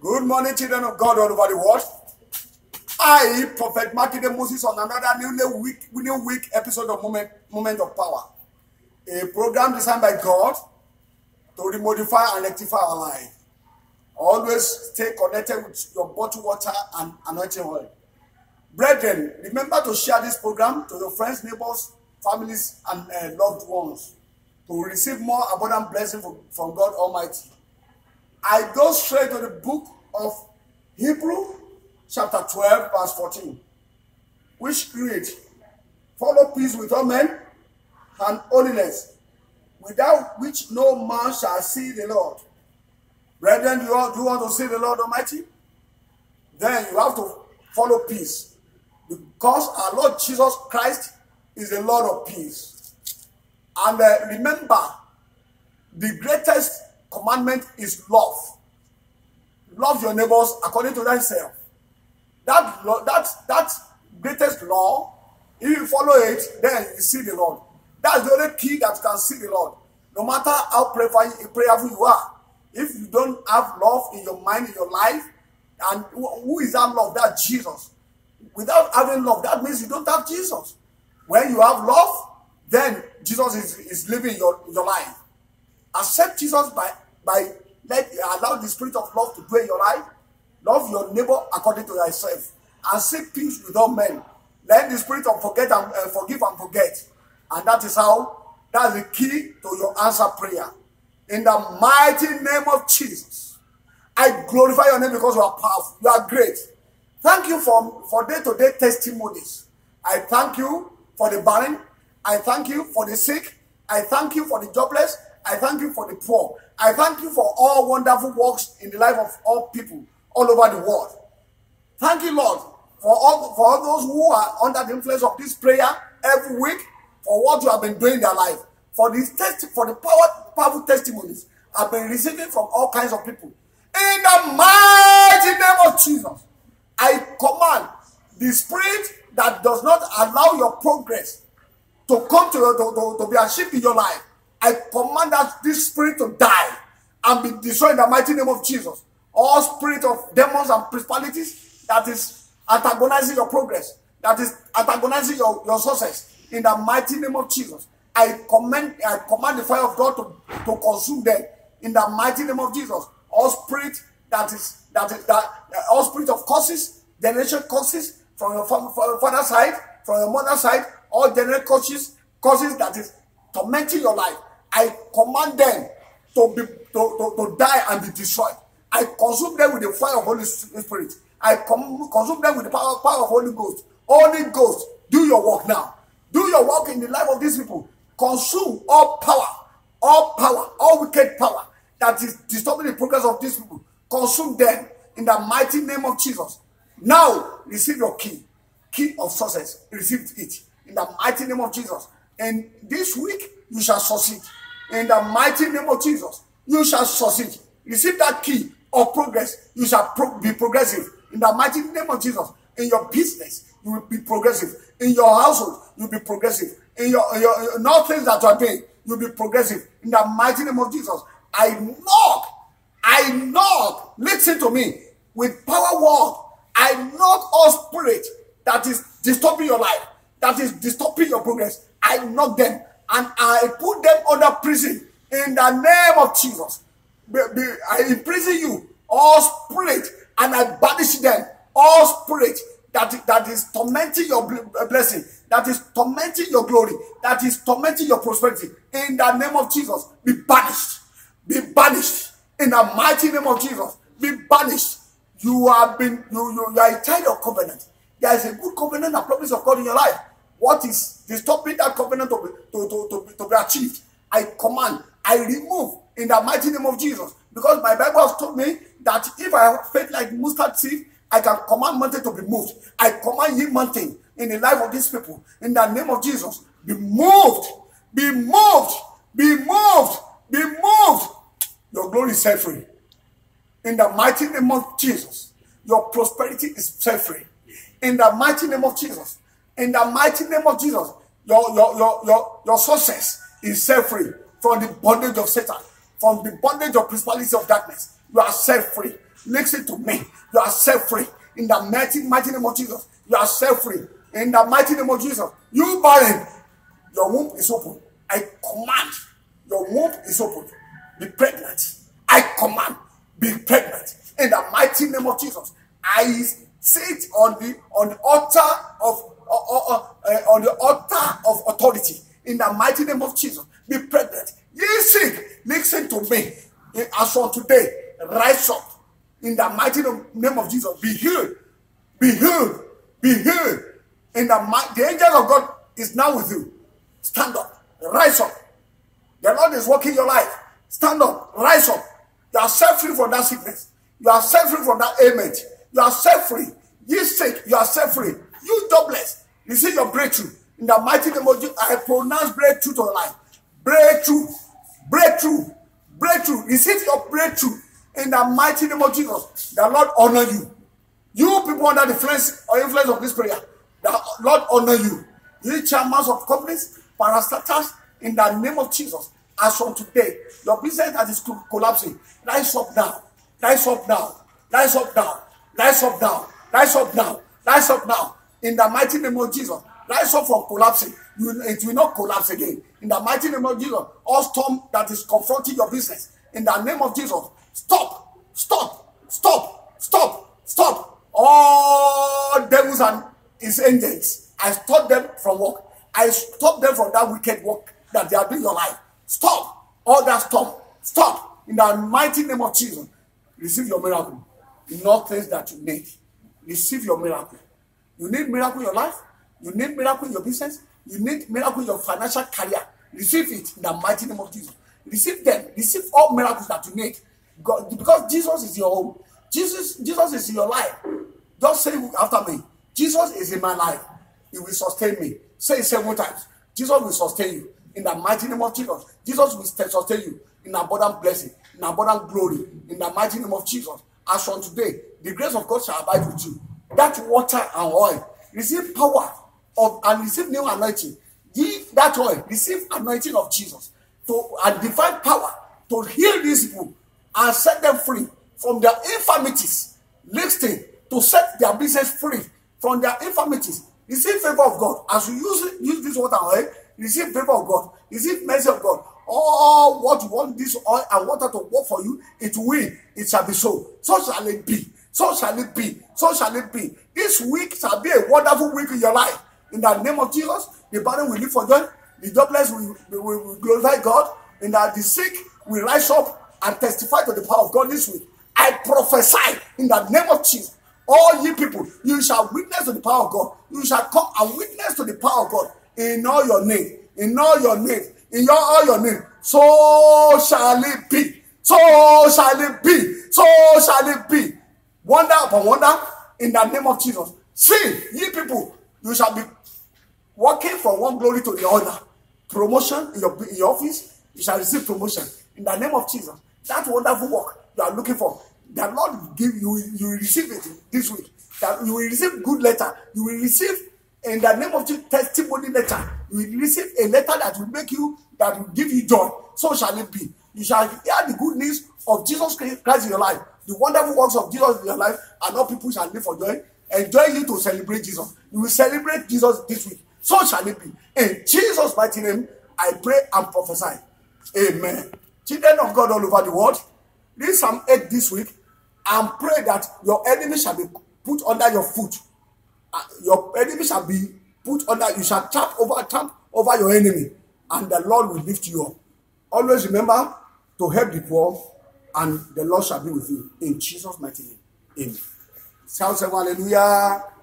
Good morning, children of God all over the world. I, Prophet Makinde Moses, on another new week, new week episode of Moment, Moment of Power, a program designed by God to remodify and rectify our life. Always stay connected with your bottled water and anointing oil. Brethren, remember to share this program to your friends, neighbors, families, and uh, loved ones to receive more abundant blessing from God Almighty. I go straight to the book of Hebrew, chapter 12, verse 14, which reads, Follow peace with all men and holiness, without which no man shall see the Lord. Brethren, you all do want to see the Lord Almighty? Then you have to follow peace. Because our Lord Jesus Christ is the Lord of peace. And uh, remember, the greatest commandment is love. Love your neighbors according to thyself. That, that, that greatest law, if you follow it, then you see the Lord. That's the only key that can see the Lord. No matter how prayerful you are, if you don't have love in your mind, in your life, and who is that love? That Jesus. Without having love, that means you don't have Jesus. When you have love, then Jesus is, is living your, your life. Accept Jesus by, by let allow the spirit of love to dwell in your life. Love your neighbor according to thyself. And seek peace with all men. Let the spirit of forget and uh, forgive and forget. And that is how, that's the key to your answer prayer. In the mighty name of Jesus, I glorify your name because you are powerful. You are great. Thank you for, for day to -day testimonies. I thank you for the barren. I thank you for the sick. I thank you for the jobless. I thank you for the poor. I thank you for all wonderful works in the life of all people all over the world. Thank you, Lord, for all, for all those who are under the influence of this prayer every week, for what you have been doing in their life, for this test, for the power, powerful testimonies I've been receiving from all kinds of people. In the mighty name of Jesus, I command the spirit that does not allow your progress to come to, to, to, to be achieved in your life I command that this spirit to die and be destroyed in the mighty name of Jesus. All spirit of demons and principalities that is antagonizing your progress, that is antagonizing your, your success in the mighty name of Jesus. I command, I command the fire of God to, to consume them in the mighty name of Jesus. All spirit that is that is that all spirit of causes, generation causes from your father's side, from your mother's side, all generation causes causes that is tormenting your life. I command them to be to, to, to die and be destroyed. I consume them with the fire of Holy Spirit. I consume them with the power, power of Holy Ghost. Holy Ghost, do your work now. Do your work in the life of these people. Consume all power, all power, all wicked power that is disturbing the progress of these people. Consume them in the mighty name of Jesus. Now receive your key, key of success. Receive it in the mighty name of Jesus. And this week you shall succeed in the mighty name of Jesus. You shall succeed. Receive that key of progress. You shall pro be progressive in the mighty name of Jesus. In your business, you will be progressive. In your household, you'll be progressive. In your, your, in all things that you are doing, you'll be progressive. In the mighty name of Jesus, I knock. I knock. Listen to me. With power word, I knock all spirit that is disturbing your life, that is disturbing your progress. I knock them and I put them under prison in the name of Jesus. I imprison you, all spirit, and I banish them, all spirit that, that is tormenting your uh, blessing, that is tormenting your glory, that is tormenting your prosperity. In the name of Jesus, be banished. Be banished. In the mighty name of Jesus, be banished. You have been, you, you, you are a child of covenant. There is a good covenant and promise of God in your life what is disturbing that covenant to be, to, to, to, to be achieved. I command, I remove in the mighty name of Jesus. Because my Bible has told me that if I have faith like mustard seed, I can command mountain to be moved. I command you, mountain in the life of these people. In the name of Jesus, be moved, be moved, be moved, be moved. Your glory is set free. In the mighty name of Jesus, your prosperity is set free. In the mighty name of Jesus, In the mighty name of Jesus, your, your, your, your, your success is set free from the bondage of Satan, from the bondage of principalities of darkness. You are set free. Listen to me. You are set free. In the mighty, mighty name of Jesus, you are set free. In the mighty name of Jesus, you barren, your womb is open. I command, your womb is open. Be pregnant. I command, be pregnant. In the mighty name of Jesus, I sit on the on the altar of Eh, on the altar of authority in the mighty name of Jesus. Be pregnant. Ye sick, listen to me. Eh, as from today, rise up in the mighty name of Jesus. Be healed. Be healed. Be healed. In the the angel of God is now with you. Stand up. Rise up. The Lord is working your life. Stand up. Rise up. You are set free from that sickness. You are set free from that ailment. You are set free. You sick. You are set free. You jobless. Receive your breakthrough. In the mighty name of Jesus, I pronounce breakthrough to your life. Breakthrough, breakthrough, breakthrough. Receive your breakthrough. In the mighty name of Jesus, the Lord honor you. You people under the influence or influence of this prayer, the Lord honor you. You chairmen of companies, parastatals, in the name of Jesus, as from today, your business that is collapsing, rise up now, rise up now, rise up now, rise up now, rise up now, rise up now in the mighty name of Jesus. Rise up from collapsing. You, it will not collapse again. In the mighty name of Jesus, all storm that is confronting your business, in the name of Jesus, stop, stop, stop, stop, stop. All devils and his angels, I stop them from work. I stop them from that wicked work that they are doing your life. Stop all that Stop. Stop in the mighty name of Jesus. Receive your miracle. Not things that you need. Receive your miracle. You need miracle in your life. You need miracle in your business. You need miracle in your financial career. Receive it in the mighty name of Jesus. Receive them. Receive all miracles that you need. God, because Jesus is your home. Jesus, Jesus is in your life. Just say after me. Jesus is in my life. He will sustain me. Say it several times. Jesus will sustain you. In the mighty name of Jesus. Jesus will sustain you in abundant blessing, in abundant glory. In the mighty name of Jesus. As from today, the grace of God shall abide with you that water and oil receive power of and receive new anointing ye that oil receive anointing of jesus to and divine power to heal these people and set them free from their infirmities Next listen to set their business free from their infirmities receive favor of god as you use use this water oil receive favor of god receive mercy of god all what you want this oil and water to work for you it will it shall be so so shall it be So shall it be. So shall it be. This week shall be a wonderful week in your life. In the name of Jesus, the barren will live for joy. The jobless will, will, will glorify God. And that the sick will rise up and testify to the power of God this week. I prophesy in the name of Jesus. All ye people, you shall witness to the power of God. You shall come and witness to the power of God in all your name, in all your name, in your, all your name. So shall it be. So shall it be. So shall it be wonder upon wonder in the name of Jesus. See, ye people, you shall be walking from one glory to the other. Promotion in your, in your office, you shall receive promotion in the name of Jesus. That wonderful work you are looking for, the Lord will give you, you will receive it this week. That you will receive good letter. You will receive in the name of Jesus testimony letter. You will receive a letter that will make you, that will give you joy. So shall it be. You shall hear the good news of Jesus Christ in your life. The wonderful works of Jesus in your life and not people shall live for joy. Enjoy you to celebrate Jesus. You will celebrate Jesus this week. So shall it be. In Jesus' mighty name, I pray and prophesy. Amen. Children of God all over the world, read Psalm 8 this week and pray that your enemy shall be put under your foot. Uh, your enemy shall be put under, you shall tap over, tap over your enemy, and the Lord will lift you up. Always remember to help the poor and the Lord shall be with you. In Jesus' mighty name. Amen. Shout hallelujah.